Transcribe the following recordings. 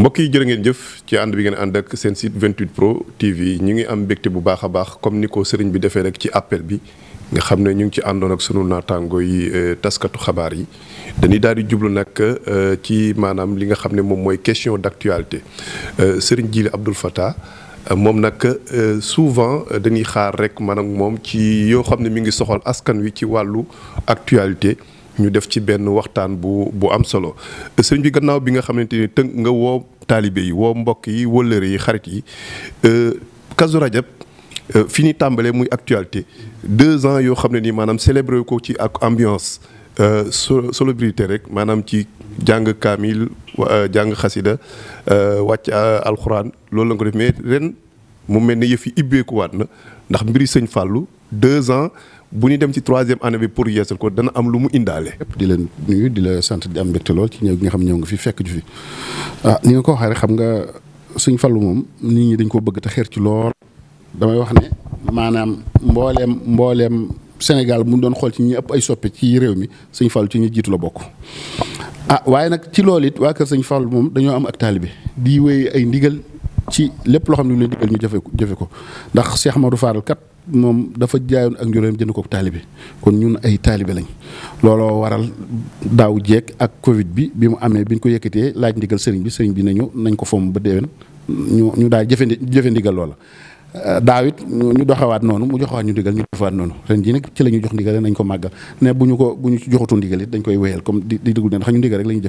mbokk yi jërë ngeen jëf ci ànd bi ngeen ànd ak seen site 28 pro TV ñu ngi am mbégte bu baax a baax comme ni ko sëriñ bi defee rek ci appel bi nga xam ne ñu ngi ci àndoon ak sunu naataango yi euh, taskatu xabaar yi dañuy daal di jublu nag euh, ci maanaam li nga xam ne moom mooy question d'actualité euh, sëriñ Jili abdul Fattah moom nag souvent dañuy xaar rek maanaam moom ci yoo xam ne mi ngi soxal askan wi ci wàllu actualité. ñu def ci benn waxtaan bu bu am solo sëñ bi gannaaw bi nga xamante ni tënk nga woo taalibe yi woo mbokk yi wëllëre yi xarit yi euh, Kazu Rajab euh, fi ñu tàmbalee muy actualité deux ans yoo xam ne nii maanaam célébré ko ci ak ambiance euh, solobirité rek maanaam ci jàng kaamil jàng xasida wàcc alxuraan loolu la ko def mais ren mu mel ni yëf yi ibbeekuwaat na ndax mbiri sëñ fàllu deux ans. bu ñu dem ci troisième année bi pour yeesal ko dana am lu mu indaale. di la nuyu di la sant di am mbégte lool ci ñëw gi nga xam ñëw nga fi fekk ju fi ah ni nga ko waxee xam nga suñ fallu moom nit ñi dañ ko bëgg te xeer ci lool. damay wax ne maanaam mbooleem mbooleem Sénégal mu doon xool ci ñi ëpp ay soppe ci réew mi suñ fallu ci ñi jiitu la bokk. ah waaye nag ci loolu it waa kër sëñ Fall moom dañoo am ak taalibe di wéy ay ndigal ci lépp loo xam ne lu leen digal ñu jafe ko jafe ko ndax Cheikh Amadou Fall kat moom dafa jaayoon ak njuréem jënd ko taalibe kon ñun ay taalibe lañ looloo waral daaw jeeg ak Covid bi bi mu amee bi ñu ko yëkkatee laaj ndigal sëriñ bi sëriñ bi nañu nañ ko fomm ba déwén ñu ñu daal jëfe jëfe ndigal loola. Euh, daaw it ñu doxewaat noonu mu joxewaat ñu ndigal ñu defaat noonu ren jii nag ci la ñu jox ndigal nañ ko màggal ne bu ñu ko bu ñu joxutu ndigal it dañ koy wéyal comme di di dugg ne ndax ñu ndigal rek la ñu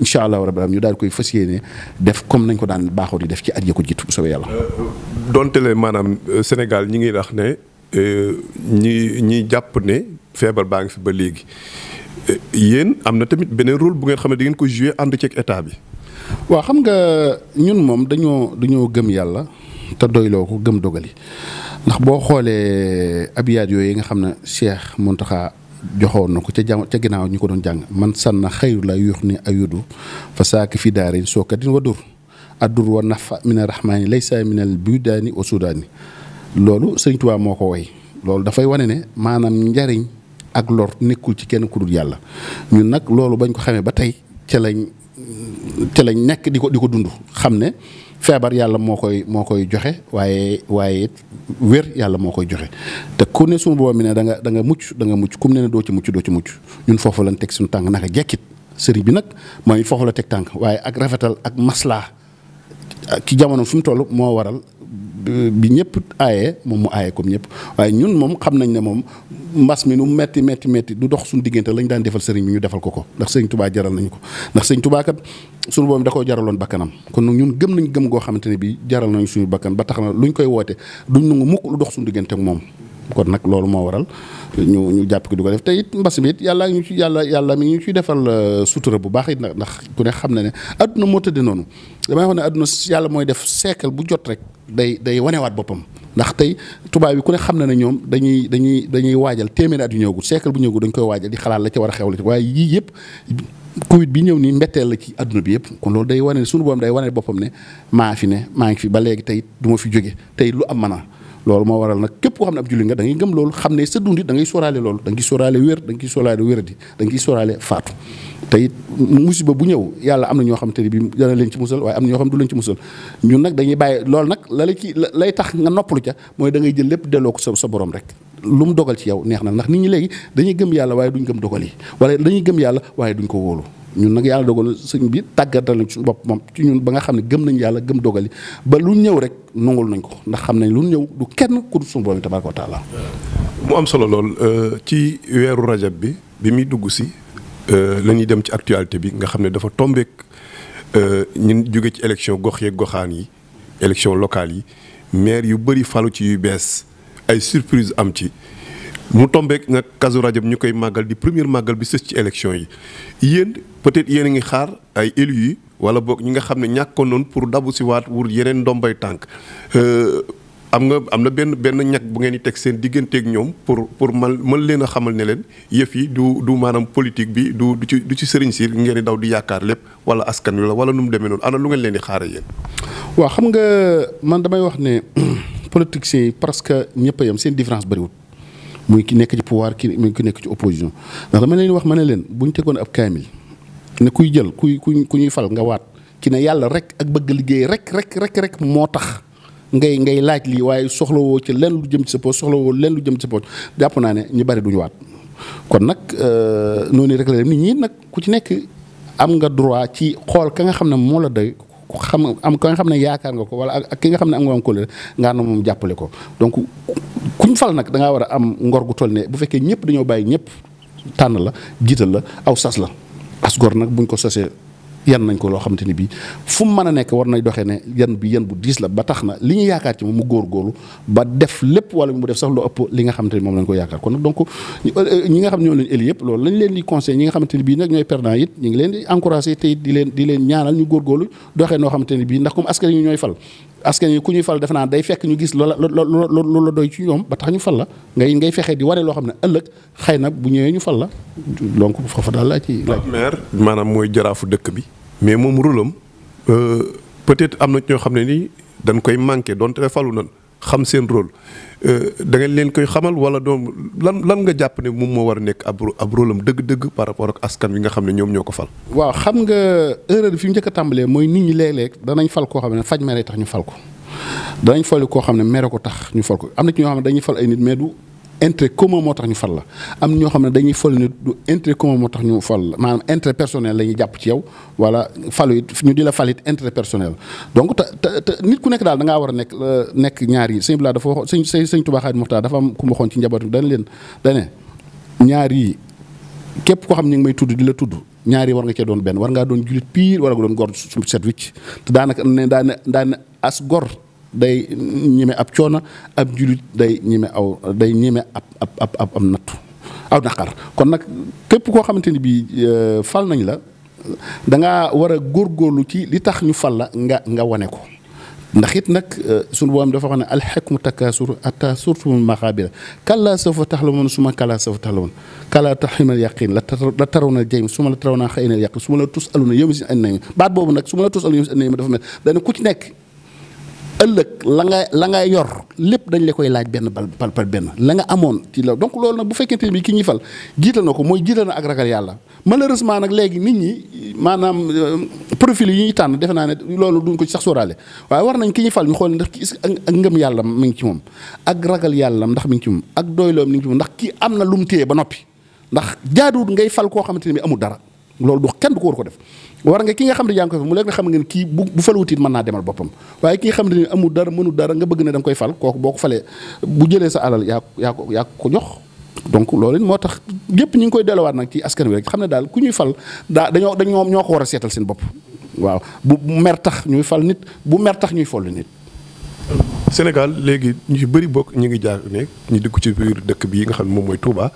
jëfee koy fas yéene def comme nañ ko daan baaxoo di def ci at ya ko jiitu euh, donte maanaam euh, Sénégal ñi ngi wax ne ñi ñi jàpp ne feebar baa ngi fi ba léegi yéen am na tamit beneen rôle bu ngeen xam ne da ko joué ànd ceeg état bi. waaw xam nga ñun moom dañoo dañoo gëm yàlla te doyloo ko gëm dogal ndax boo xoolee abiyaat yooyu yi nga xam ne Cheikh Mountakha joxoon na ko ca jam ca ginnaaw ñu ko doon jàng man sànna xayru la yuux ni ayudu fa saaki fi daarin sookatin wa dur addur wa nafa mina rahmaani laysa minal budaani wa sudaani loolu Sëriñ Tuubaa moo ko woy loolu dafay wane ne maanaam njariñ ak lor nekkul ci kenn ku dul yàlla ñun nag loolu bañ ko xamee ba tey ca lañ ca lañ nekk di ko di ko dund xam ne feebar yàlla moo koy moo koy joxe waaye waaye it wér yàlla moo koy joxe te ku ne suñu boobu mi ne danga nga da nga mucc da nga mucc ku mu ne ne doo ci mucc doo ci mucc ñun foofu lañ teg suñu tànk naka jekkit sëriñ bi nag mooy foofu la teg tànk waaye ak rafetal ak maslaa ci jamono fi mu toll moo waral bi ñëpp aaye moom mu aaye comme ñëpp waaye ñun moom xam nañ ne moom mbas mi nu metti metti metti du dox suñu diggante lañ daan defal sëriñ bi ñu defal ko ko ndax sëriñ tubaa jaral nañu ko ndax sëriñ tubaa kat suñu boobu da koo jaraloon bakkanam kon ñun gëm nañ gëm goo xamante ne bi jaral nañ suñu bakkan ba tax na luñ koy woote duñ nangu mukk lu dox suñu diggante moom kon nag loolu moo waral ñu ñu jàpp ki du ko def tey it mbas yàlla ñu ci yàlla yàlla mi ngi ciy defal euh, sutura bu baax it ndax ku ne xam ne ne adduna moo tëddee noonu damay wax ne adduna yàlla mooy def siècle bu jot rek day day wanewaat boppam. ndax tey tubaab yi ku ne xam na ne ñoom dañuy dañuy dañuy waajal téeméeri at yu ñëwagul siècle bu ñëwagul dañ koy waajal di xalaat la ca war a xew la ci waaye yii yëpp Covid bi ñëw nii mbetteel la ci adduna bi yëpp kon loolu day wane ne sunu boppam day wane boppam ne maa fi ne maa ngi fi ba léegi tey du ma fi jóge tey lu am maanaa loolu moo waral nag képp koo xam ne ab julli nga da ngay gëm loolu xam ne sa dundit da ngay sóoraale loolu da ngay sóoraale wér da ngay sóoraale wér di da ngay sóoraale faatu te musiba bu ñëw yàlla am na ñoo xam te ne bi dana leen ci musal waaye am na ñoo xam du leen ci musal ñu nag dañuy bàyyi lool nag la la ci lay tax nga noppalu ca mooy da jël lépp delloo ko sa sa borom rek lu mu dogal ci yow neex na ndax nit ñi léegi dañuy gëm yàlla waaye duñ gëm dogal yi wala dañuy gëm yàlla waaye duñ ko wóolu ñun nag yàlla dogal sëñ bi tàggatal nañ suñu bopp moom ci ñun ba nga xam ne gëm nañ yàlla gëm dogali ba lu ñëw rek nangul nañ ko ndax xam nañ lu ñëw du kenn ku dul suñu borom tabaaraka wa taala mu am solo lool euh, ci weeru rajab bi bi muy dugg si euh, la ñuy dem ci actualité bi nga xam ne dafa tombeek euh, ñun jóge ci élection gox yeeg goxaan yi élection locale yi maire yu bëri falu ci yu bees ay surprise am ci mu tombeek nag rajo bi ñu koy màggal di première màggal bi sës ci élection yi yéen peut-être yéen a ngi xaar ay élus yi wala boog ñi nga xam ne ñàkkoon noonu pour dabu si waat wur yeneen bay tànk euh, am nga am na benn benn ñag bu ngeen di teg seen digganteeg ñoom pour pour man mën leen a xamal ne leen yëf yi du du maanaam politique bi du du ci du ci sëriñ si ngeen di daw di yaakaar lépp wala askan wi la wala nu mu demee noonu ana lu ngeen leen di xaare yéen. waaw xam nga man damay wax ne politiciens yi parce ñëpp a yem bëriwul. muy ki nekk ci pouvoir ki ki nekk ci opposition ndax dama leen wax ma ne leen bu ñu tegoon ab kaamil ne kuy jël kuy kuy ku ñuy fal nga waat ci ne yàlla rek ak bëgg liggéey rek rek rek rek moo tax ngay ngay laaj li waaye soxlawoo ci lenn lu jëm ci sa poche soxlawoo lenn lu jëm ci sa jàpp naa ne ñu bari duñu waat kon nag euh, noonu rek la dem nit ñi nag ku ci nekk am nga droit ci xool ka nga xam ne moo la doy xam am ka nga xam ne yaakaar nga ko wala ak ki nga xam ne am nga am kóllëre nga ànd moom jàppale ko donc kuñ fal nag da war a am ngor gu toll ne bu fekkee ñëpp dañoo bàyyi ñëpp tànn la jiital la aw sas la as gor nag buñ ko sasee yan nañ ko loo xamante ni bii fu mu mën a nekk war nañ doxee ne yan bi yan bu diis la ba tax na li ñu yaakaar ci moom mu góorgóorlu ba def lépp wala mu def sax lu ëpp li nga xamante ni moom lañ ko yaakaar kon nag donc ñi euh, nga xam ñoo leen éli yëpp loolu lañ leen di conseil ñi nga xamante ni bii nag ñooy perdant it ñu ngi leen di encouragé te it di leen di leen ñaanal ñu góorgóorlu doxee noo xamante ni bii ndax comme askan yi ñooy fal askan yi ku ñuy fal defe naa day fekk ñu gis loola loola doy ci ñoom ba tax ñu fal la ngay ngay fexe di wane loo xam ne ëllëg xëy na bu ñëwee ñu fal la donc foofa daal laa ci laaj maire maanaam mooy jaraafu dëkk bi mais moom rôlam euh, peut-être am na ñoo xam ne nii dañ koy manqué donte falu nan xam seen rôle Euh, da nga leen koy xamal wala doom lan lan nga jàpp ne moom moo war a nekk ab ab rôle dëgg-dëgg par rapport ak askan wi nga xam ne ñoom ñoo ko fal. waaw xam nga erreur bi fi mu njëkk tàmbalee mooy nit ñi léeg-léeg danañ fal koo xam ne faj mere tax ñu fal ko danañ fal koo xam ne mere ko tax ñu fal ko am na ci ñoo xam ne dañuy fal ay nit mais du intérêt commun moo tax ñu fal la am ñoo xam ne dañuy fal ni du intérêt commun moo tax ñu fal la maanaam intérêt personnel lañuy jàpp ci yow wala falu it ñu di la fal it intérêt personnel donc te te nit ku nekk daal da war a nekk euh, nekk ñaar yi sëñ laa dafa wax sëñ sëñ Tuubaa Xaadimu Muxtaar dafa am ku ma waxoon ci njabootu dana leen dane ñaar yi képp koo xam ñu ngi may tudd di la tudd ñaari war nga cee doon benn war ngaa doon julit piir war nga doon gor su set wicc te daanaka ne daane daane as gor day ñeme ab coono ab julit day ñeme aw day ñeme ab ab ab am nattu aw naqar kon nag képp koo xamante ni bii euh, fal nañ la da ngaa war a góorgóorlu ci li tax ñu fal la nga nga wane ko ndax it nag euh, sunu boobam dafa wax ne alxekmu takasur ata surtum maxaabira kala safa taxlamoon suma kala safa taxlamoon kala taximal yaqin la taraw na jayim suma la taraw naa xëy na yaqin su ma la tus aluna yow si an nañ baat boobu nag su la tus aluna yow si an nañ ma dafa mel dana ku ci nekk ëllëg la nga la yor lépp dañ lee koy laaj benn bal par benn la nga amoon ci la donc loolu nag bu fekkente bi ki ñuy fal jiital na ko mooy jiital na ak ragal yàlla malheureusement nag léegi nit ñi maanaam euh, profil yi ñuy tànn defe naa ne loolu duñ ko ci sax waaye war nañ ki fal ñu xool ndax ki ak ngëm yàlla mi ngi ci moom ak ragal ndax mi ngi ci ak doyloom mi ngi ci moom ndax ki am na lu mu téye ba noppi ndax jaaduwut ngay fal koo xamante ne bi amul dara loolu du kenn du ko war ko def war nga ki nga xam ne yaa ngi koy fal mu leer nga xam ngeen kii bu bu faluwutit mën naa demal boppam waaye ki nga xam ne amul dara mënul dara bëgg ne da koy fal kooku boo falee bu jëlee sa alal yaa yaa ko ko jox donc loolu moo tax yépp ñu ngi koy delluwaat nag ci askan wi rek xam ne daal ku ñuy fal daa dañoo dañoo ñoo ko war seetal seen bopp waaw bu mer tax ñuy fal nit bu mer tax ñuy folli nit Sénégal léegi ñu ci bëri bokk ñu ngi jaar ne ñu dugg ci biir dëkk bi nga xam ne moom mooy Touba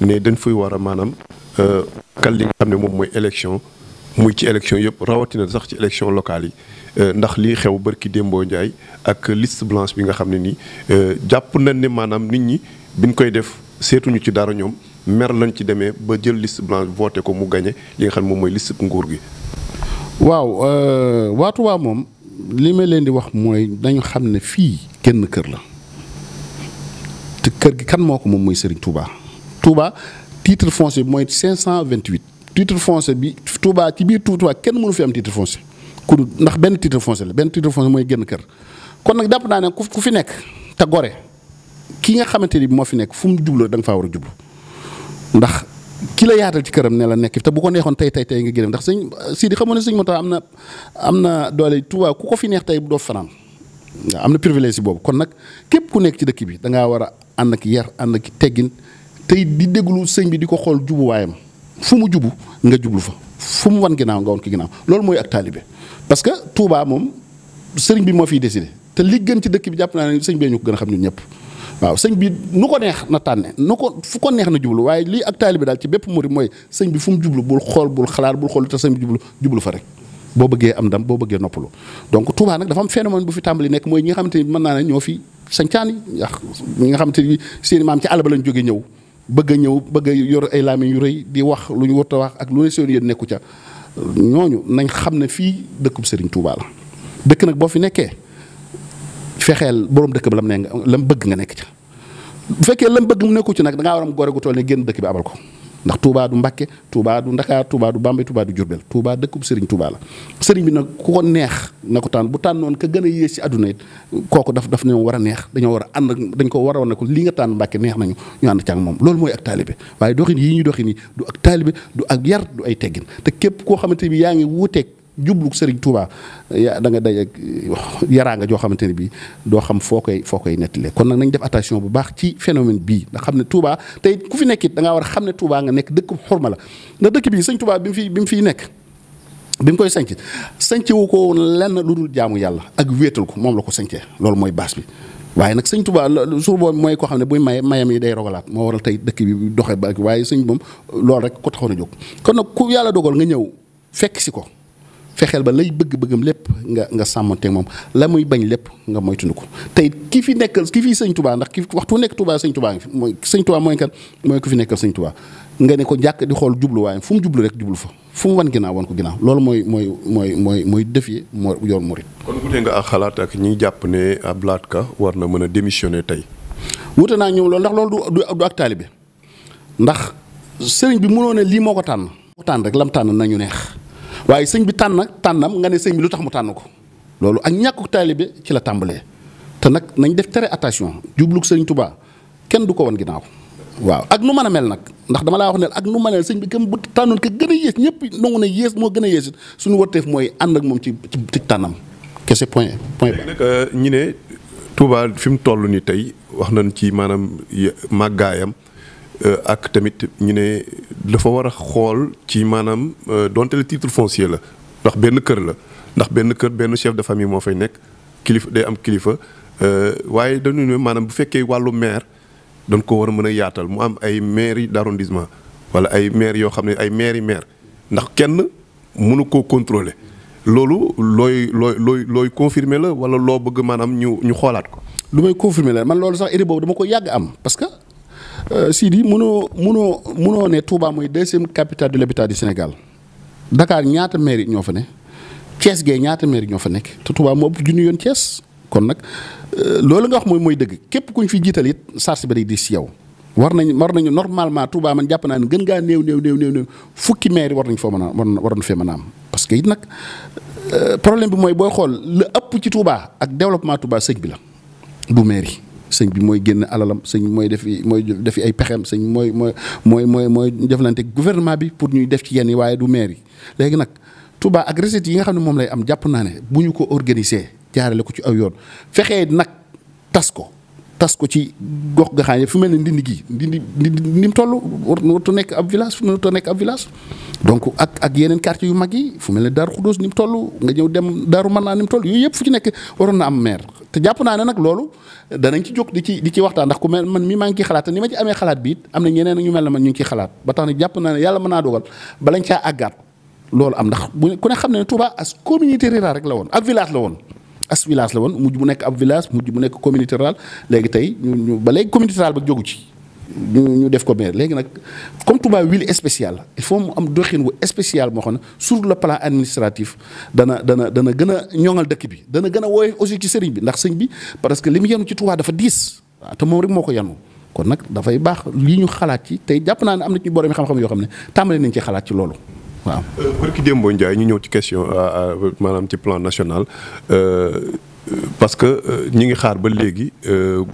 ne dañ fay war a maanaam euh, kal li nga xam ne moom mooy élection muy ci élection yëpp rawatina sax ci élection locale yi euh, ndax lii xew bërki démboo Ndiaye ak liste blanche bi nga xam ne nii euh, jàpp nañ ne maanaam nit ñi biñ koy def seetuñu ci dara ñoom mer lañ ci demee ba jël liste blanche voté ko mu gañe li nga xam ne moom mooy liste nguur gi. waaw euh, waa Touba moom li may leen di wax mooy dañu xam ne fii kenn kër la te kër gi kan moo ko moom mooy Serigne Touba Touba titre foncier bi mooy 528. titre foncier bi Touba ci biir Touba kenn mënu fi am titre foncier ku ndax benn titre foncier la benn titre foncier mooy génn kër kon nag jàpp naa ne ku fi nekk te gore ki nga xamante ni moo fi nekk fu mu jubloo da nga faa war a jublu ndax ki la yaatal ci këram ne la nekk te bu ko neexoon tey tey tey nga génn ndax sëñ Sidi xamoon ne sëñ Mota am na am na doole Touba ku ko fi neex tey doo fanaan waaw am na privilège boobu kon nag képp ku nekk ci dëkk bi da ngaa war a ànd ak yar ànd ak teggin tey di déglu sëñ bi di ko xool jubuwaayam. fu mu jubu nga jublu fa fu mu wan ginnaaw nga wan ko ginnaaw loolu mooy ak taalibe parce que Touba moom sëriñ bi moo fiy décidé te li gën ci dëkk bi jàpp naa ne sëñ bee ñu ko a xam ñun ñëpp waaw bi nu ko neex na tànne nu ko fu neex na jublu waaye lii ak taalibe daal ci bépp murid mooy sëñ fu mu jublu bul xool bul xalaat bul xool te sëñ bi jublu jublu fa rek boo bëggee am ndam boo bëggee noppalu donc Touba nag dafa am phénomène bu fi tàmbali nekk mooy ñi nga xamante ni mën naa ne ñoo fi sancaan yi ndax nga xamante ni seen maam ci àll ba lañ jógee ñëw bëgg ñëw bëgg yor ay làmmiñ yu rëy di wax lu ñu warta wax ak lu ne seen yéen nekku ca ñooñu nañ xam ne fii dëkkub sëriñ Touba dëkk nag boo fi nekkee fexeel borom dëkk bi lam ne nga lam bëgg nga nekk ca bu fekkee lam bëgg mu nekku ci nag da ngaa war am gore gu toll ne génn dëkk bi abal ko ndax Touba du Mbakke Touba du Ndakaar Touba du Bambey Touba du Diourbel dëkku dëkkub Serigne Touba la sëriñ bi nag ku ko neex na ko tànn bu tànnoon ka gën a yées ci àdduna it kooku daf daf ñoo war a neex dañoo war a ànd dañ ko war a ne ko li nga tànn Mbakke neex nañu ñu ànd ci moom loolu mooy ak taalibe waaye doxin yii ñu doxin yi du ak taalibe du ak yar du ay teggin te képp koo xamante bi yaa ngi wuuteeg jublu sëriñ Touba ya da nga day ak yaraanga joo xamante ne bii doo xam foo koy foo koy nettalee kon nag nañ def attention bu baax ci phénomène bii ndax xam ne Touba tey ku fi nekk it da ngaa war a xam ne Touba nga nekk dëkk xurma la ndax dëkk bii sëñ Touba bi mu fi bi mu fiy nekk. bi mu koy sanc sanc wu ko woon lenn lu dul jaamu yàlla ak wéetal ko moom la ko sancee loolu mooy baas bi waaye nag sëñ Touba suur boobu mooy koo xam ne buy may mayam yi day rogalaat moo waral tey dëkk bi doxee ba waaye sëñ moom lool rek ko taxoon a jóg kon nag ku yàlla dogal nga ñëw fekk si ko fexeel ba lay bëgg-bëggam lépp nga nga sàmmanteeg moom la muy bañ lépp nga moytund ko tey kii fi nekkal kii fi sëñ tubaa ndax ki waxtu nekk tubaa sëñ tubaa ngi fi mooy sëñ tubaa ku fi nekkal sëñ nga ne ko jàkk di xool jubluwaayam fu mu jublu rek jublu fa fu mu wan ginnaaw wan ko ginnaaw loolu mooy mooy mooy mooy mooy defee moo yoon murit kon wute nga ak xalaat ak ñi jàpp ne Abdou Lahad Ka war na mën a démissionner tey wute naa ñëw loolu ndax loolu du du ak taalibe ndax sëriñ bi mënoon ne lii moo ko tànn ko tànn rek lam tànn nañu neex waaye sëñ bi tànn tànnam nga ne sëñ bi lu tax mu tànn ko loolu ak ñàkku taalibe ci la tàmbalee te nag nañ def très attention jublug sëñ tubaa kenn du ko wan ginnaaw waaw ak nu mën a mel nag ndax dama laa wax ne ak nu mën sëñ bi kam bu tànnoon ka gën yées ñëpp nangu na yées moo gën a yées suñu warteef mooy ànd ak moom ci ci tànnam kese point point nag euh, ñi ne Touba fi mu toll nii tey wax nañ ci maanaam màggaayam Euh, ak tamit ñu ne dafa war a xool ci maanaam euh, donte le titre foncier la ndax benn kër la ndax benn kër benn chef de famille moo fay nekk kilifa day am kilifa euh, waaye dañu ne maanaam bu fekkee wàllu maire dañ ko war a mën a yaatal mu am ay mairie d'arrondissement wala ay maire yoo xam ne ay mairie maire ndax kenn mënu koo contrôler loolu looy looy looy looy confirmer la wala loo bëgg maanaam ñu ñu xoolaat ko. lu may confirmer la man loolu sax idée boobu dama ko yàgg am Euh, Sidi mënoo mënoo mënoo ne Touba mooy deuxième capitale de l'habitat du Sénégal Dakar ñaata mairie ñoo fa ne Thiès gee ñaata mairie ñoo fa nekk te Touba moo ëpp junni yoon cees kon nag euh, loolu nga wax mooy mooy dëgg képp ku ñu fi jiital it charge ba day di si yow. war nañu war nañu normalement Touba man jàpp naa ne gën gaa néew néew néew néew fukki maire war nañu foo mën a war nañu fee man am parce que it nag euh, problème bi mooy booy xool la ëpp ci Touba ak développement Touba sëñ bi la du mairie. sëñ bi mooy génn alalam sëñ bi mooy def mooy defi ay pexeem sëñ mooy mooy mooy mooy mooy jëflante gouvernement bi pour ñuy def ci yenn yi waaye du maire yi léegi nag Touba ak recettes yi nga xam ne moom lay am jàpp naa ne bu ñu ko organiser jaarale ko ci aw yoon fexee nag tas ko tas ko ci gox gaxaan fu mel ne ndindi gi ndindi ni mu toll warut nekk ab village fu mu nekk ab village ak ak yeneen quartier yu mag yi fu mel ne Daaru Xudóos ni mu nga ñëw dem Daaru mën naa ni mu toll yooyu yëpp fu ci nekk waroon na am maire te jàpp naa ne nag loolu danañ ci jóg di ci di ci waxtaan ndax ku mel man mi maa ngi ciy xalaat te ni ma ci amee xalaat bi it am na ñeneen ñu mel ne man ñu ngi ciy xalaat ba tax na jàpp naa ne yàlla mën naa dogal balañ caa àggaat loolu am ndax bu ku ne xam ne Touba as communauté rurale rek la woon ak village la as village la woon mujj mu nekk ab village mujj mu nekk communauté rurale léegi tey ñu ñu ba léegi communauté rurale ba jogu ci ñu ñu def ko maire léegi nag comme Touba ville spéciale la il faut mu am doxin wu spécial moo xam ne sur la plan administratif dana dana dana gën a ñoŋal dëkk bi dana gën a wooye aussi ci sëriñ bi ndax sëñ bi parce que li mu yenu ci Touba dafa diis te moom rek moo ko yenu kon nag dafay baax li ñu xalaat ci tey jàpp naa ne am na ci borom xam yoo xam ne tàmbali nañ ci xalaat ci loolu. waaw. Euh, barki Demba Ndiaye ñu ñëw ci question euh, euh, maanaam ci plan national parce que ñu ngi xaar ba léegi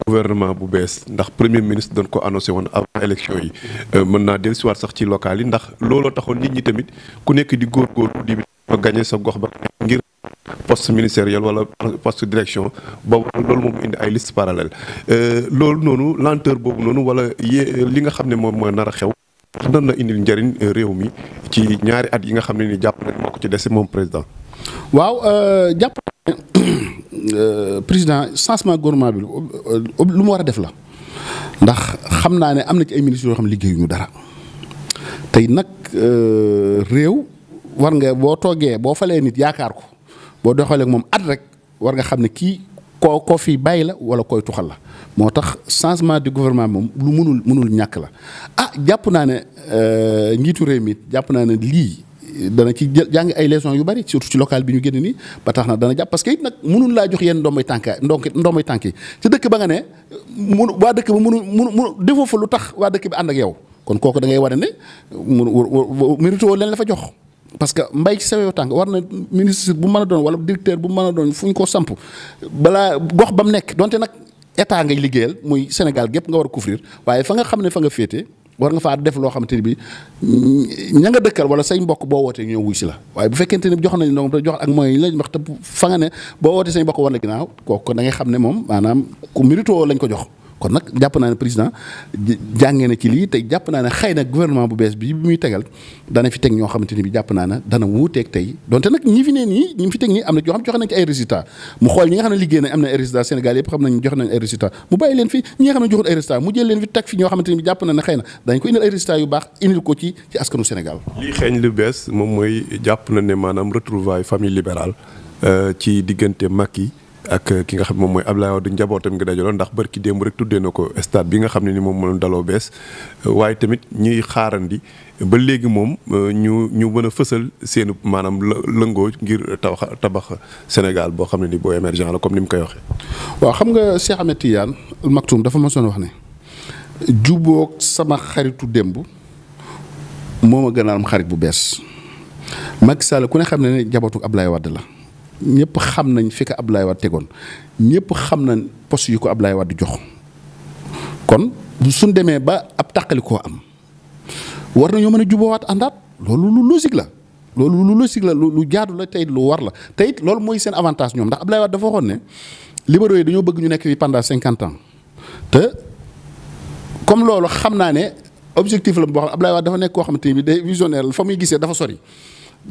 gouvernement bu bees ndax premier ministre dañ ko annoncé woon avant élection yi mën naa dellusiwaat sax ci local yi ndax looloo taxoon nit ñi tamit ku nekk di góorgóorlu di ba gagné sa gox ba ngir. post poste ministériel wala poste direction boobu loolu moom indi ay liste parallèle loolu noonu lenteur boobu noonu wala yée li nga xam ne moom mooy nar a xew nan na indil njëriñ euh, réew mi ci ñaari at yi nga xam ne ni jàpp nañ ci dese moom président. waaw euh, jàpp ne euh, président changement gouvernement bi lu mu war a def la ndax xam naa ne am na ci ay ministres yoo xam ne liggéeyuñu dara tey nag réew war nga boo toogee boo falee nit yaakaar ko boo doxalee moom at rek war nga xam ne kii. koo ko fii bàyyi la wala koy tuxal la moo tax changement du gouvernement moom lu munul mënul ñàkk la ah jàpp naa ne euh, njiitu réew mi jàpp naa ne lii euh, dana ci jël jàng ay leçons yu bari surtout ci local bi ñu génn nii ba tax na dana jàpp parce que it nag mënul laa jox yenn ndombay tànk ndonk ndombay tànk yi ci dëkk ba nga ne mun waa dëkk ba mënul mënu mënu defoo fa lu tax waa dëkk bi ànd ak yow kon kooku dangay war a ne mu mérite leen la fa jox parce que mbay ci sawewu tànk war na ministre bu mën a doon wala directeur bu mën a doon fu ñu ko samp balaa gox ba mu nekk donte nag état ngay liggéeyal muy Sénégal gépp nga war a couvrir waaye fa nga xam ne fa nga féete war nga faa def loo xamante ni bii ña nga dëkkal wala say mbokk boo wootee ñëw si la waaye bu fekkente ne jox nañ donc te jox ak moyens yi lañ wax te fa nga ne boo wootee say mbokk war na ginnaaw kooku da ngay xam ne moom maanaam ku mérito lañ ko jox. kon nag jàpp naa ne président jàngee na ci lii te jàpp naa ne xëy na gouvernement bu bees bi bu muy tegal dana fi teg ñoo xamante ni bi jàpp naa ne dana wuuteeg tey donte nag ñi fi ne nii ñi fi teg nii am na yoo xam nañ ay résultats mu xool ñi nga xam ne liggéey nañ am na ay résultats yëpp xam nañ joxe nañ ay résultats mu bàyyi leen fi ñi nga xam ne joxul leen fi teg fi ñoo xamante ni bi jàpp na ne ko indil ay résultats yu baax indil ko ci ci askanu Sénégal lii xeeñ lu bees moom mooy jàpp na ne maanaam retrouvaille famille libérale euh, ci diggante Macky ak ki nga xam moom mooy Abdoulaye Wade njabootam ngi dajaloon ndax bërki démb rek tuddee na ko stade bi nga xam ne ni moom moom daloo bees waaye tamit ñuy xaarandi ba léegi moom ñu ñu mën a fësal seenu maanaam lëngoo ngir tabax tabax Sénégal boo xam ne ni boo émergent la comme ni mu koy waxee. waaw xam nga Cheikh Ahmed Tidiane Al Maktoum dafa mësoon wax ne jubboog sama xaritu demb moo ma gën a am xarit bu bees Macky Sall ku ne xam ne ne njabootu Abdoulaye Wade la. ñëpp xam nañ fi ko Abdoulaye Wade tegoon ñëpp xam na poste yu ko Abdoulaye Wade jox kon suñ demee ba ab tàqali koo am war nañoo mën a juboowaat àndaat loolu lu logique la. loolu lu logique la lu jaadu la tey lu war la tey loolu mooy seen avantage ñoom ndax Abdoulaye Wade dafa waxoon ne libéraux yi dañoo bëgg ñu nekk fi pendant cinquante ans te comme loolu xam naa ne objectif la boo xam Abdoulaye Wade dafa nekk koo xamante ni bi day visionnaire fa muy gisee dafa sori.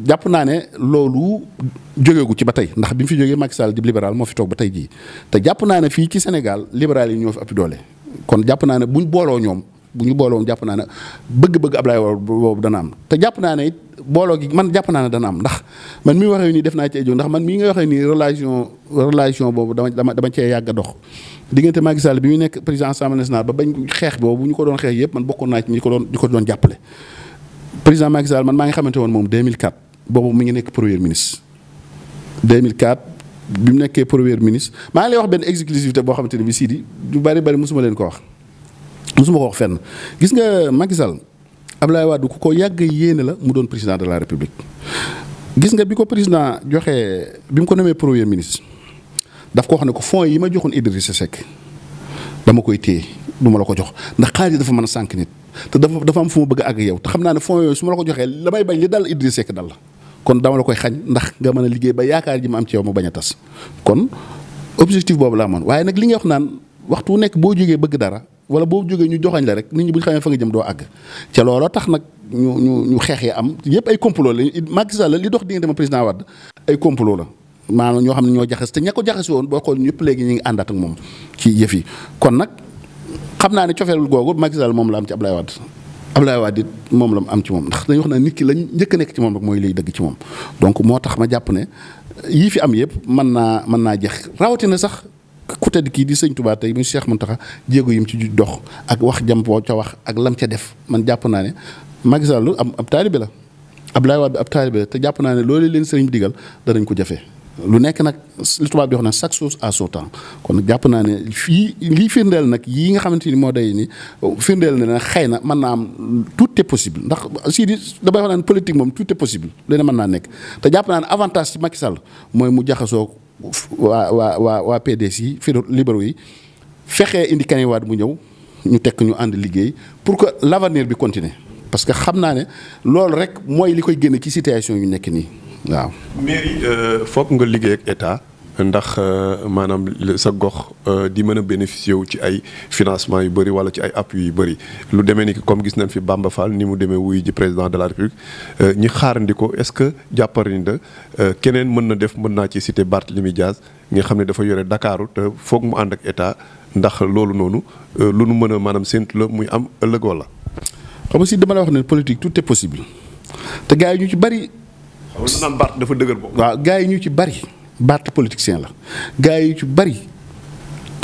jàpp naa ne loolu jógeegu ci ba tey ndax bi mu fi jógee Macky Sall di libéral moo fi toog ba tey jii te jàpp naa ne fii ci Sénégal libéral yi ñoo fi ëpp doole kon jàpp naa ne bu buñ booloo ñoom bu ñu booloo jàpp naa ne bëgg-bëgg Ablaye boobu dana am te jàpp naa ne it booloo gi man jàpp naa ne dana am ndax man mi waxee nii def naa ci ay ndax man mii nga waxee nii relation relation boobu dama dama dama cee yàgg a dox diggante Macky Sall bi mu nekk président assemblée nationale ba bañ xeex boobu bu ñu ko doon xeex yëpp man bokkoon ko doon ñi ko doon jàppale président Macky Sall man maa boobu mi ngi nekk premier ministre 2004 bi mu nekkee premier ministre maa ngi lay wax benn exclusivité boo xamante ne bi sii di lu bari bari mosuma leen ko wax mosuma ko wax fenn gis nga Macky am Abdoulaye Wade ku ko yàgg yéene la mu doon président de la république gis nga bi ko président joxee bi mu ko nommee premier ministre daf ko wax ne ko fonds yi ma joxoon Idrissa Seck dama koy téye du ma la ko jox ndax xaalis dafa mën a sànq nit te dafa dafa am fu ma bëgg a àgg yow te xam naa ne fonds su ma la ko joxee la may bañ dal Idrissa Seck dal la kon dama la koy xañ ndax nga mën a liggéey ba yaakaar ji ma am ci yow mu bañ a tas kon objectif boobu la amoon waaye nag li nga wax naan waxtu wu nekk boo jógee bëgg dara wala boo jógee ñu joxañ la rek nit ñi bu xamee fa nga jëm doo àgg ca looloo tax nag ñu ñu ñu xeex yi am yëpp ay complot la Macky Sall la li dox diggante ma président Wade ay complot la maanaam ñoo xam ne ñoo jaxas te ña ko jaxase woon boo xool ñëpp léegi ñu ngi àndaat moom ci yëf yi kon nag xam naa ne cofeelul googu Macky moom la am ci lay Wade Abdoulaye Wade it moom la mu am ci moom ndax dañu wax ne nit ki lañ njëkk nekk ci moom rek mooy liy dëgg ci moom donc moo tax ma jàpp ne yii fi am yëpp man naa mën naa jeex rawatina sax ku tedd kii di sëñ Tuubaa tey mu Cheikh Mountakha jéego yim ci dox ak wax jam ca wax ak lam ca def man jàpp naa ne Macky Sall ab ab taalibe la Abdoulaye Wade ab taalibe la te jàpp naa ne loolu leen sëriñ digal danañ ko jafee lu nekk nag li tubaab di chaque chose à son temps kon jàpp naa ne fii lii firndeel nag yii nga xamante ni moo day ni firndeel na ne xëy na mën naa am tout est possible ndax si di damay wax naan politique moom tout est possible lu ne mën naa nekk te jàpp naa ne avantage ci Macky mooy mu jaxasoo waa waa waa waa PDS yi fi libéraux yi fexe indi Karim Wade mu ñëw ñu tekk ñu ànd liggéey pour que l'avenir bi continuer parce que xam naa ne loolu rek mooy li koy génn ci situation yu nekk nii waaw. mairie euh, foog nga liggéey ak état. ndax euh, maanaam sa gox euh, di mën a bénéficier wu ci ay financement yu bari wala ci ay appui yu bëri lu demee ni comme gis nañ fi Bamba Fall ni mu demee wuy ji président de la République ñi xaarandi ko est-ce que jàppari keneen mën na def mën naa ci cité Barthélemy Diaz nga xam ne dafa yore Dakaaru te foog mu ànd ak état ndax loolu noonu lu nu mën a maanaam séntu la muy am ëllëg wala. xam si dama la wax ne politique tout est wala naan Barth dafa dëgër boobu. waaw gars yi ñu ci bari Barth politicien la gars yi ñu ci bari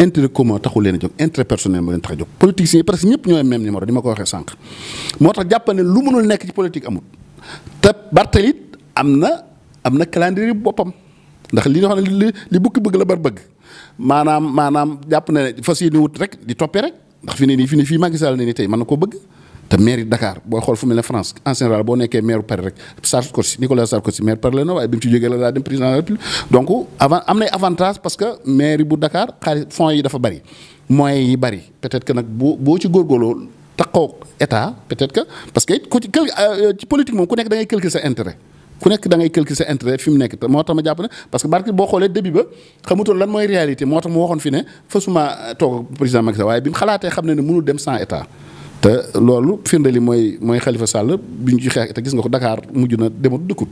intérêt commun taxul leen a jóg intérêt personnel moo leen tax a jóg politiciens yi presque ñëpp ñooy même numéro di ma ko waxee sànq moo tax jàpp ne lu mënul nekk ci politique amul te Barth it am na am na calendrier boppam ndax li nga xam ne li li bukki bëgg la bar bëgg maanaam maanaam jàpp na ne fas yéene wut rek di toppee rek ndax fi ne nii fi ne fii Macky ne nii tey mën na koo bëgg. te mairie Dakar boo xool fu mel ne France en général boo nekkee maire Paris rek Sarkozy Nicolas Sarkozy maire Paris la waaye bi mu ci jógee la daa dem président la République donc avant am nay avantage parce que mairie bu Dakar xaalis fonds yi dafa bari moyens yi bari peut-être que nag boo boo ci góorgóorloo taxaw état peut-être que parce que ku ci euh, ci politique moom ku nekk da ngay calculer sa intérêt. ku nekk da ngay calculer sa intérêt fi nekk moo tax ma jàpp ne parce que Barke boo xoolee début ba xamutoon moo tax mu waxoon fi ne fasuma euh, waaye bi mu xam ne ne mënul dem sans état. te loolu firnde li mooy mooy xalifa Sall bi ñu ci xeex te gis nga ko dakaar mujj na dematu dëkkut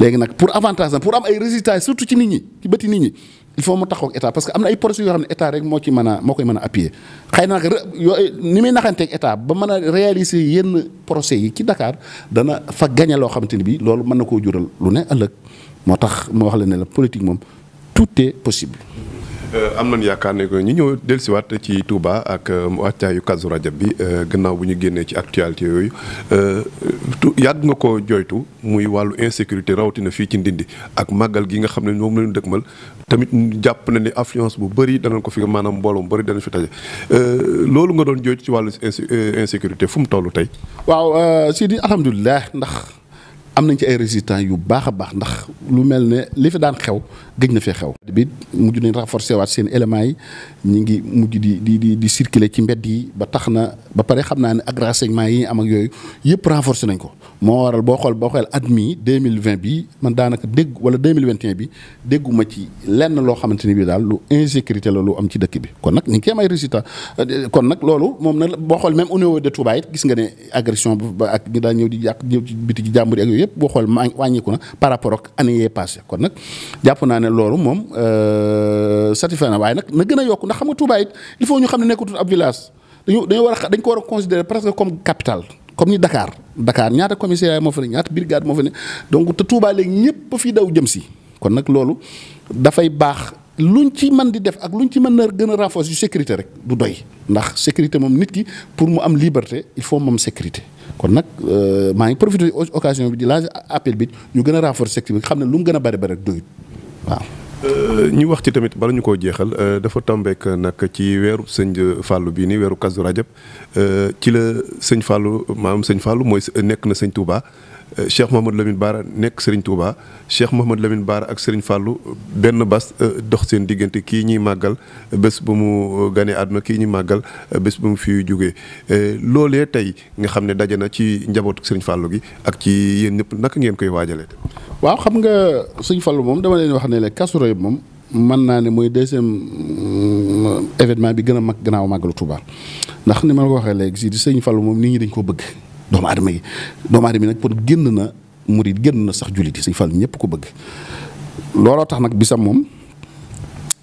léegi nag pour avantage nag pour am ay résultats surtout ci nit ñi ci bëti nit ñi il faut mu taxaw ak état parce que am na ay procédures yoo xam ne état rek moo ci mën a moo koy mën a appuyer xëy na nag ni muy naxanteeg état ba mën a réaliser yenn procès yi ci Dakar dana fa gañe loo xamante ni bii loolu mën na koo jural lu ne ëllëg moo tax moo wax la ne la politique moom tout est possible Euh, am nañu yaakaar ko ñu ñëw dellusiwaat ci Touba ak euh, wàccaayu Kazu Rajab bi euh, gannaaw bu ñu génnee ci actualité yooyu yàgg nga ko jooytu muy wàllu insécurité rawatina fii ci Ndindi ak màggal gi nga xam ne moom la ñu dëgmal tamit jàpp na ne affluence bu bëri danañ ko fi maanaam mbooloo mu bëri danañ fi taje loolu nga doon jooytu ci wàllu insécurité fu mu toll tey. waaw Sidi alhamdulilah ndax am nañ ci ay résultats yu baax a baax ndax lu mel ne li fi daan xew gëj na fee xew bi mujj nañ renforcer waat seen éléments yi ñu ngi mujj di di di di circuler ci mbedd yi ba tax na ba pare xam naa ne ak renseignement yi am ak yooyu yëpp renforcer nañ ko moo waral boo xool boo xool at mi 2020 bi man daanaka dégg wala 2021 bi dégguma ci lenn loo xamante ni bi daal lu insécurité la lu am ci dëkk bi kon nag ñu ngi am ay résultats kon nag loolu moom na boo xool même au niveau de Touba gis nga ne agression ba ak ñi daan ñëw di yàq ñëw ci biti ci yëpp boo xool wàññiku na par rapport ak année yee passé kon nag ne loolu moom euh, satisfait na waaye nag na gën a yokk ndax xam nga Touba il faut ñu xam ne nekkatul ab village dañu war a dañ ko war a considérer presque comme capitale comme ñi Dakar Dakar ñaata commissariat moo fa ne ñaata brigade moo fa ne donc te Touba léegi ñëpp fi daw jëm si kon nag loolu dafay baax luñ ci mën di def ak luñ ci mën a gën a renforcer yu sécurité rek du doy ndax sécurité moom nit ki pour mu am liberté il faut moom sécurité kon nag euh, maa ngi profité occasion bi di lancer appel ñu gën a renforcer xam ne lu mu gën a bari bari rek waaw. Euh, ñu wax ci tamit bala ñu koo jeexal euh, dafa tombeek nag ci weeru sëñ Fallou bii ni weeru Kazu Rajab euh, ci la sëñ Fallou maam sëñ Fallou mooy nekk na sëñ Touba. Euh, Cheikh Mouhamad Lamine Baara nekk Serigne Touba Cheikh Mouhamad Lamine Baara ak Serigne fàllu benn bas euh, dox seen diggante kii ñuy màggal euh, bés ba mu ganee àdduna kii ñuy màggal bés bu mu fi jógee loolee tey nga xam ne daje na ci njabootu sëriñ fàllu gi ak ci yéen ñëpp naka ngeen koy waajalee. waaw xam nga Serigne Fallou moom dama leen wax ne la Kazu Rajab moom mën naa ne mooy deuxième événement bi gën a mag gannaaw màggalu Touba ndax ni ma la ko waxee léegi si moom nit ñi dañ ko bëgg. doomu aadama yi doomu aadama yi nag pon génn na murid génn na sax jullit yi Sëñ Fall ñëpp ko bëgg looloo tax nag bisam moom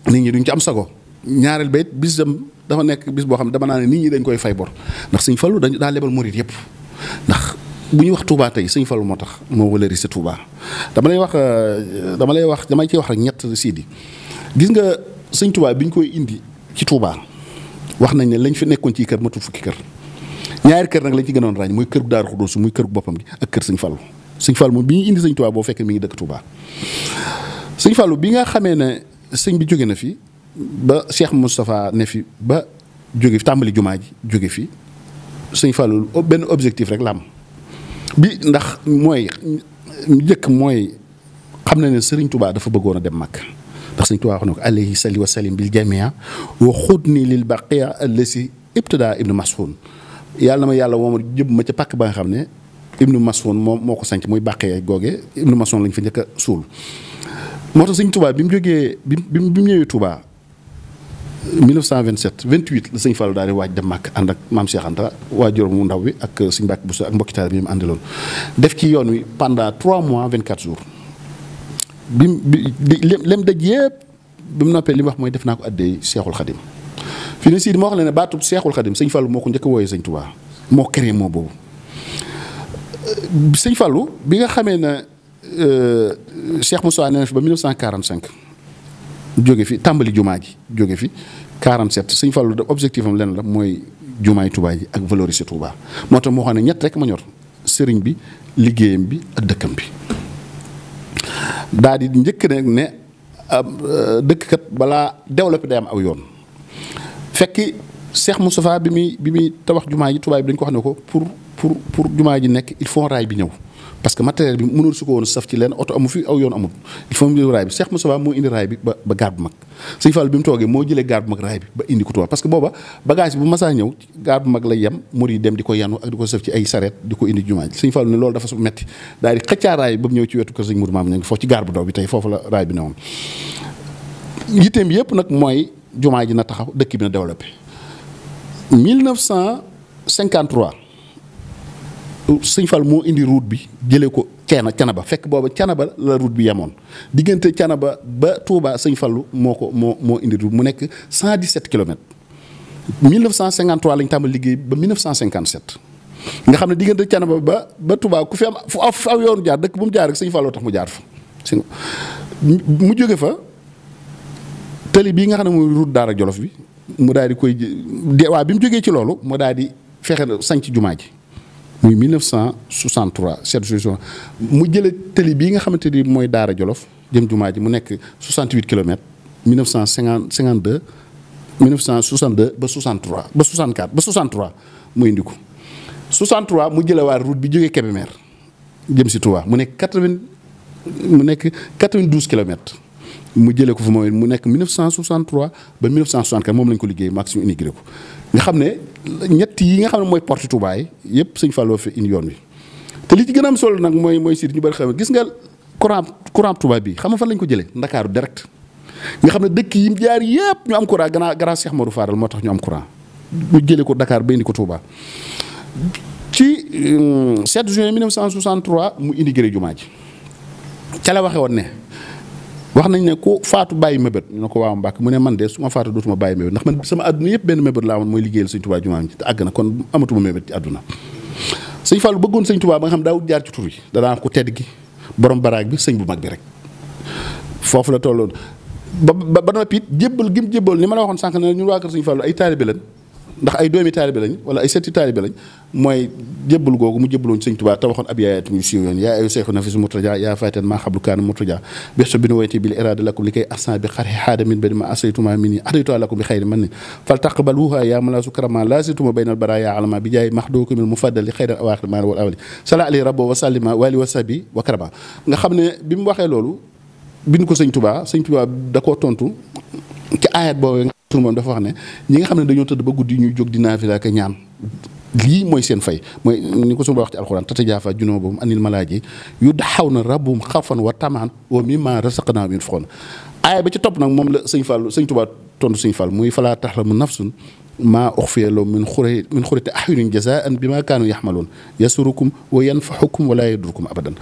nit ñi duñ ci am sago ñaareel ba it bisam dafa nekk bis boo xam ne dama naa ne nit ñi dañ koy fay bor ndax Sëñ Fallu dañ daa lebal murid yëpp ndax bu ñuy wax Touba tey Sëñ Fallu moo tax moo sa Touba dama lay wax euh, dama lay wax dama ci wax rek ñett siidi gis nga Sëñ Touba bi ñu koy indi ci tuubaa wax nañ ne lañ fi nekkoon ci kër matu fukki kër ñaari kër nag lañ ci gënoon ràññ muy kër Daaru Xudoos muy kër boppam gi ak kër Sëñ Fallu Sëñ Fallu moom bi ñuy indi Sëñ Tuubaa boo fekkee mi ngi bi nga xamee ne sëñ bi jóge na fi ba Cheikh Moustapha ne fi ba jóge fi tàmbali jumaa ji jóge fi Sëñ Fallu benn objectif rek la bi ndax mooy njëkk mooy xam na ne Sëriñ tubaa dafa bëggoon a dem Makka ndax Sëriñ Tuubaa wax na ko alayhi sali wa salim bil jamia wa xudni lil baqiya allasi ibtidaa ibnu masxuun yàlla ma yàlla woo ma jëb ma ca pàkk ba nga xam ne ibnu masoon moom moo ko sanc muy bàqee googe ibnu masoon lañ fa njëkk a moo tax sëñ Touba bi mu jógee bi mu bi mu ñëwee Touba 1927 28 la sëñ Fallou daal di waaj dem màkk ànd ak maam Cheikh Anta waajur mu ndaw bi ak sëñ bu Bousso ak mbokki taalibe bi mu àndaloon def ci yoon wi pendant trois mois 24 jours bi mu bi lem daj yëpp bi mu noppee li mu wax mooy def naa ko addee Cheikhul Khadim fi ne sii ma wax la ne baatub seexul xadim sëñ Fallou moo ko njëkk a wooyee sëñ Touba moo créé moo boobu sëñ Fallou bi nga xamee na euh, Cheikh Moussa nee na fi ba 1945 jóge fi tàmbali jumaa ji jóge fi 47 sëñ Fallou da objectif am lenn la mooy jumaay Touba ji ak valoriser Touba moo tax moo xam ne ñett rek ma ñor sëriñ bi liggéeyam bi ak dëkkam bi daa di njëkk nag ne euh, dëkk kat balaa développé day am aw yoon. fekk Cheikh Moustapha bi muy bi muy tabax jumaa ji tubaab bi dañ ko wax ne ko pour pour pour jumaa ji nekk il faut raay bi ñëw parce que matériel bi mënul ko woon saf ci leen oto amu fi yoon amul il faut mu raay bi Cheikh Moustapha moo indi raay bi ba ba gaar mu toogee moo jëlee gaar bu mag raay indi ko tubaab parce que booba bagage bu masaa ñëw gaar bu dem di ko yanu ak di ci ay sareet di ko indi jumaa ji sëñ Fall dafa su metti daal di xëccaa raay bi ba mu ñëw ci wetu kër yëpp nag mooy jumaa ji na taxaw dëkk bi na développé 1953 Sëñ fal moo indi route bi jëlee ko Cana ba fekk booba Canaba la route bi yemoon diggante Canaba ba ba Touba Sëñ Fallu moo ko moo moo indi route mu nekk 117 kilomètres 1953 lañ tàmbali liggéey ba 1957. nga xam ne diggante Canaba ba ba Touba ku fi am fu aw yoonu jaar dëkk bu mu jaar rek Sëñ faloo tax mu jaar fa mu jóge fa. tëli bii nga xam ne mooy route Daara Jolof bi mu daal di koy de waa bi mu jógee ci loolu mu daal di fexe sanc jumaa ji muy 1963 7 mu jële tëli bii nga xamante ni mooy Daara Jolof jëm jumaa ji mu nekk 68 kilomètres 1950 52 1962 ba 63 ba 64 ba 63 mu indi ko 63 mu jële waa route bi jógee Kébémer jëm si Touba mu nekk 80 mu nekk 92 kilomètres. mu jëlee ko fa moom mu nekk 1963 ba 1964 moom lañ ko liggéey maag suñu inigré ko nga xam ne ñett yi nga xam ne mooy porte Touba yi yëpp sëñ Fallou fi indi yoon wi te li ci gën a am solo nag mooy mooy si ñu bari xam gis nga courant courant Touba bi xam nga fa lañ ko jëlee Ndakaaru direct nga xam ne dëkk yi jaar yëpp ñu am courant gannaaw gannaaw Cheikh Modou Faral moo tax ñu am courant mu jëlee ko Dakar ba indi ko Touba ci 7 euh, juin 1963 mu inigré jumaa ji ca la waxee woon ne. wax nañ ne ku faatu bàyyi mebet ñu ne ko waaw mbàkk mu ne man de su ma faatu dootuma bàyyi mébét ndax man sama àdduna yëpp benn mébét laa amoon mooy liggéeyal sëñ Tuubaa jumaam ci te àgg na kon amatuma mébét ci àdduna sëñ Fallu bëggoon sëñ Tuubaa ba nga xam daawul jaar ci tur yi danaa ko tedd gi borom baraag bi sëñ bu mag bi rek foofu la tolloon ba ba noppi it jébbal gi mu jébbal ni ma la waxoon sànq ne ñun waa kër sëñ Fallu ay taalibe lañ ndax ay doomi taalibe lañ wala ay setti taalibe lañ mooy jébbal googu mu jébbaloon ci sëñ Tuubaa te waxoon ab yaayaat ñu siiw yoon yaa ayu seexu nafis murtaja yaa faytan yaa malaasu karama laa situma baynal bara yaa alama bi jaay xam ne bi mu waxee loolu bind ko sëñ Tuubaa sëñ Tuubaa da koo tontu ci aayat boobu moom dafa wax ne ñi nga xam ne dañoo tëdd ba guddi ñu jóg di naafila ak ñaan lii mooy seen fay mooy ni ko suma ba wax ci alxuraan tatajaafa junuubuhum anil malaaji yud'awna rabbuhum xawfan wa tamaan wa mimmaa razaqnaahum yunfiquun aaya ba ci topp nag moom la sëñ Fall sëñ Tuubaa tontu sëñ muy falaa taxlamu nafsun maa uxfiya lahum min xure min xurrati ahyunin jazaa'an bimaa kaanu yaxmaluun yasurukum wa yanfaxukum wa laa yadurrukum abadan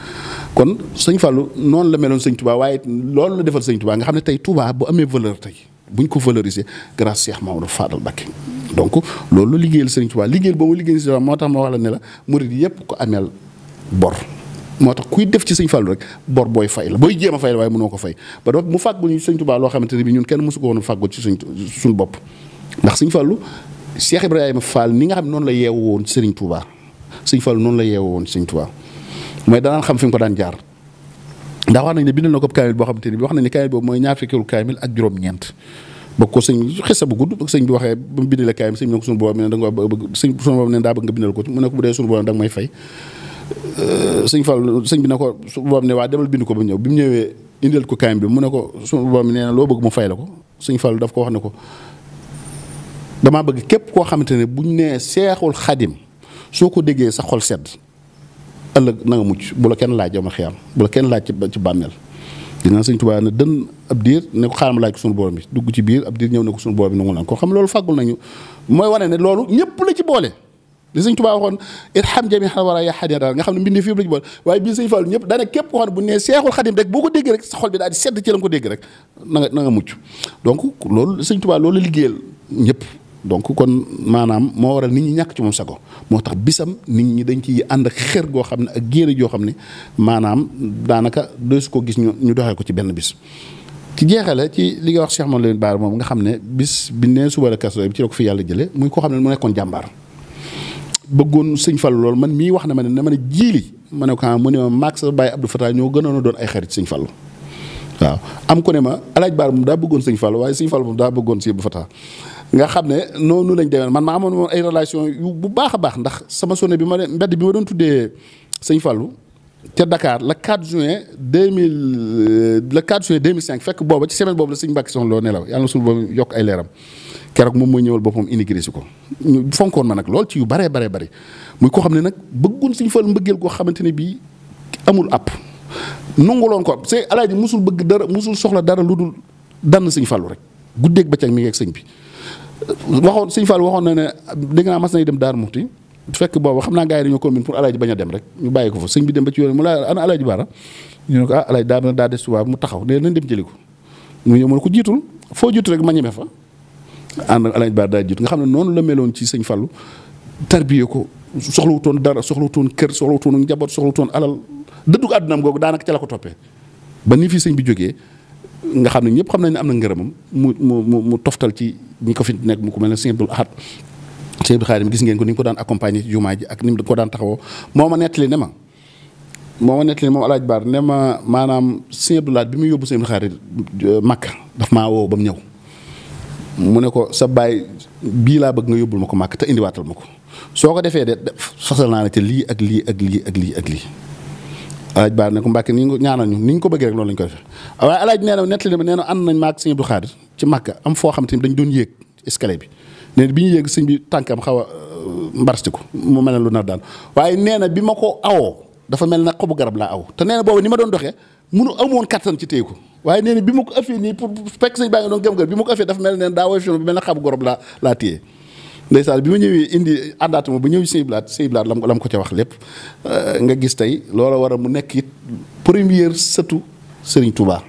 kon sëñ noonu la meloon sëñ Tuubaa waaye loolu la defal sëñ Tuubaa nga xam ne tey Tuubaa bu amee valeur tey bu ñu ko valoriser grâce Cheikh Mamadou Fadal Mbacké donc loolu liggéeyal Serigne Touba liggéeyal ba mu liggéeyal Serigne Touba moo tax ma wax ne la murid yëpp ko ameel bor moo tax kuy def ci sëñ Fallou rek bor booy fay la booy jéem a fay waaye mënoo ko fay ba mu fàggul ñu sëñ loo xamante ne bi ñun kenn mosu ko woon fàggul ci suñ bopp ndax sëñ Fallou Cheikh Ibrahima Fall ni nga xam noonu la yeewu woon Serigne Touba sëñ Fallou la yeewu woon Serigne Touba mooy danaan xam fi mu ko daan jaar ndax wax nañ ne bindal na ko kaamil boo xamante ni bi wax nañ ne kaamil boobu mooy ñaar fukkeelu kaamil ak juróom-ñeent ba ko sëñ bu gudd sëñ bi waxee ba mu bindalee kaamil sëñ bi ne ko sunu borom ne da nga bëgg sëñ ne daa bëgg nga bindal ko mu ne ko bu dee euh, sëñ Fall sëñ bi ne ko su boobam ne waa demal bind ko ba ñëw bi mu ñëwee indil ko kaamil bi mu ne ko sunu borom nee na loo bëgg mu fay la ko sëñ Fall daf ko wax ne ko damaa bëgg képp koo xamante ne ñu nee seexul xadim soo ko déggee sa xol sedd ëllëg na nga mucc bu kenn laaj yow ma xiyam bu kenn laaj ci ci bàmmeel dina sëñ Tuubaa ne dën ab diir ne ko xaaral laaj ko suñu borom bi dugg ci biir diir ñëw ne ko suñu borom bi nangu lan ko xam loolu fàggul nañu mooy wane ne loolu ñëpp la ci boole li a xam ne mbindee fi la ci boole waaye bii sëñ Fall ñëpp daana képp ko xam ne bu nee seexul xadim rek boo ko dégg rek sa xol bi daal di sedd ci ko dégg rek na nga mucc donc loolu sëñ Tuubaa loolu liggéeyal ñëpp donc kon maanaam moo waral nit ñi ñàkk ci moom sago moo tax bisam nit ñi dañ ci ànd ak xër goo xam ne ak génn joo xam ne maanaam daanaka doo su ko gis ñu ñu doxee ko ci benn bis. ci jeexale ci li nga wax Cheikh Mawlana Baar moom nga xam ne bis bi nee suba la kaso bi ko yàlla jëlee muy koo xam ne mu nekkoon jàmbaar. bëggoon sëñ fal loolu man mii wax na ma ne na ma ne jiili ma ne ko ah mu ne ma maag sa bàyyi Abdou Fatah ñoo gënoon doon ay xarit sëñ Fall. waaw am ku ne ma alaaj Baar moom daa bëggoon sëñ Fall waaye sëñ Fall moom bëggoon sëñ Abdou Fatah nga xam ne noonu lañ demee man maa amoon moom ay relation yu bu baax a baax ndax sama sonné bi ma leen mbedd bi ma doon tuddee sëñ fallu ca Dakar la 4 juin 2000 le 4 juin 2005 fekk booba ci semaine boobu la sëñ Mbàkke Soxna Lo nelaw yàlla yokk ay leeram keroog moom mooy ñëwal boppam inigré ko ñu fonkoon ma nag lool ci yu baree baree bëri muy koo xam ne nag bëggun sëñ Fallou mbëggeel goo xamante ne bii amul app nanguloon ko sëñ Alaaji musul bëgg dara mosul soxla dara lu dul dann sëñ fallu rek ba ca mi ngi ak sëñ bi waxoon Sëñ Fall waxoon na ne dégg naa mas nay dem Darou Mouhty fekk boobu xam naa gars yi dañoo commune pour alaaji dem rek ñu bàyyi ko fa sëñ bi dem ba ci yoon mu laa ana baara ñu ne ko ah alaaji daa na daa des tubaab mu taxaw ne nañ dem jëli ko mu ñëw mu ne ko jiitul foo jiitu rek ma ñeme fa ànd ak alaaji baara daa jiitu nga xam ne noonu la meloon ci sëñ Fallu tarbiye ko soxlawutoon dara soxlawutoon kër soxlawutoon njaboot soxlawutoon alal dëddug àddunaam googu daanaka ca la ko toppee ba ni fi sëñ bi jógee nga xam ne ñëpp xam nañ ne am na ngërëmam mu mu mu toftal ci ñi ko fi nekk mu ko mel ne Sëñ Abdul Ahad Sëñ Abdul gis ngeen ko ni ñu ko daan accompagner jumaa ji ak ni mu ko daan taxawoo moo ma nettali ne ma moo ma nettali moom alaaj baar ne maanaam Sëñ Abdul bi muy yóbbu Sëñ Abdul Xaadim euh, Makka daf woo ba ñëw mu ne ko sa baay bii laa bëgg nga yóbbul ma ko Makka te indiwaatal ma ko soo ko defee de fasal naa ne te lii ak lii ak lii ak lii ak lii alaaj baar ne ko mbàkke ni ñu ñaanal ñu ni ñu ko bëggee rek loolu lañ ko defee waaye alaaj nee na nettali ma nee na ànd nañ maag ni dañ doon yéeg escalier bi nee bi ñu yéeg sëñ bi xaw a euh, mbarstiku mu mel ne lu nar waaye nee na bi ma ko awoo dafa mel na xobu garab laa aw te nee na boobu ni ma doon doxee mënu amoon kattan ci téye ko waaye nee bi ma ko ëffee nii pour fekk sëñ baa ngi doon gëm gëm bi ma ko ëffee dafa mel ne daa woy fi bi mel ne xabu garab laa laa ndeysaan bi ma ñëwee indi àndaatu ma ba ñëw Sëñ Blaat Sëñ lam ko lam ca wax lépp euh, nga gis tey a war a mu nekk it première sëtu Serigne Touba.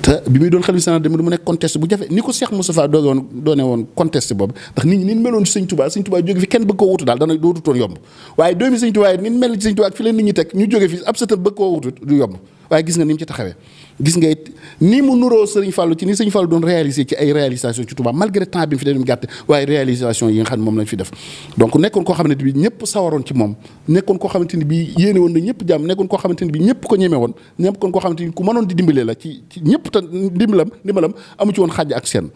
te bi muy doon xel bi dem mu nekk conteste bu jafe ni ko Cheikh Moustapha doone woon doone woon conteste boobu ndax nit ñi ni meloon sëñ Touba sëñ Touba jóge fi kenn bëgg koo wutu daal dana dootutoon yomb waaye doomi sëñ Touba yi ni mel ci sëñ Touba ak nit ñi teg ñu jóge fi ab sëtam bëgg koo wutu du yomb waaye gis nga ni mu ci taxawee gis nga it ni mu nuroo Serigne Fallou ci ni Serigne Fallou doon réalisé ci ay réalisation ci Touba malgré temps bi mu fi dem gàtt waaye réalisation yi nga xam moom lañ fi def donc nekkoon koo xamante ni bi ñëpp sawaroon ci moom nekkoon koo xamante ni bi yéene woon na ñëpp jàmm nekkoon koo xamante ni bi ñëpp ko ñeme woon nekkoon koo xamante ni ku mënoon di dimbale la ci ci ñëpp te dimbalam dimbalam amu ci woon xàjj ak seen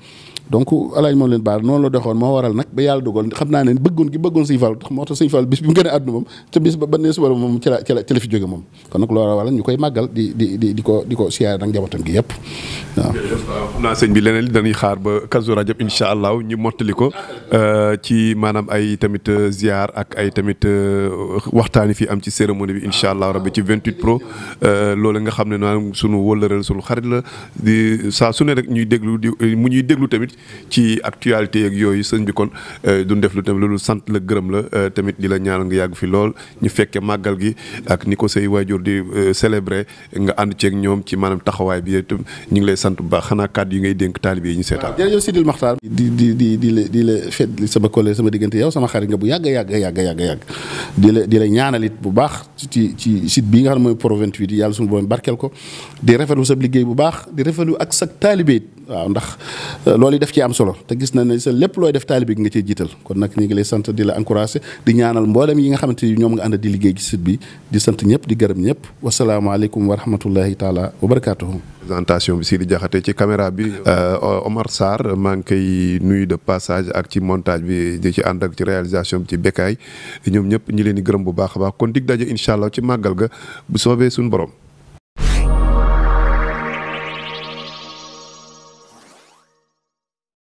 donc alaaj moom leen baar noonu la doxoon moo waral nag ba yàlla dogal xam naa ne bëggoon gi bëggoon Sëñ Fall moo tax Sëñ Fall bis bi mu a ñu koy màggal di di di di ko di ko siyaare nag naa bi leneen li dañuy xaar ba Kazu Rajab incha allah ñu mottali ko euh, ci maanaam ay tamit euh, ziar ak ay tamit euh, waxtaan yi fi am ci cérémonie bi incha allah rabbi ci 28 pro loolu nga xam ne maanaam sunu wëllëral sunu xarit la di saa su ne rek ñuy déglu di mu ñuy déglu tamit ci actualité yeeg yooyu sëñ bi kon euh, duñ def lu tamit loolu sant la gërëm la euh, tamit di la ñaanal nga yàgg fi lool ñu fekkee màggal gi ak ni ko say waajur di euh, célébrer nga ànd ceeg ñoom ci maanaam taxawaay bi itam ñu ngi lay sant bu baax xanaa kàddu yi ngay dénk taalibe yi ñu seetaan. waaw di di di di la di la sama collègue yow sama xarit nga bu yàgg yàgg yàgg yàgg yàgg di la di ñaanalit bu baax ci ci site bii nga xam mooy Pro 28 yàlla suñu borom barkeel ko di rafetlu sa liggéey bu baax di rafetlu ak sa taalibe waaw ndax loolu ci am solo te gis na ne sa lépp looy def taalibe gi nga ciy jiital kon nag ñu ngi lay sant di la encouragé di ñaanal mboolem yi nga xamante ni ñoom nga ànd di liggéey ci site bi di sant ñëpp di gërëm ñëpp wasalaamaaleykum wa rahmatullahi taala wa barakatuhu présentation bi Sidi Diakhaté ci caméra bi euh, Omar Sarr maa ngi koy nuyu de passage ak ci montage bi di ci ànd ak ci réalisation bi ci bekkaay ñoom ñëpp ñu leen di gërëm bu baax a baax kon dig daje incha allah ci màggal ga bu soobee suñu borom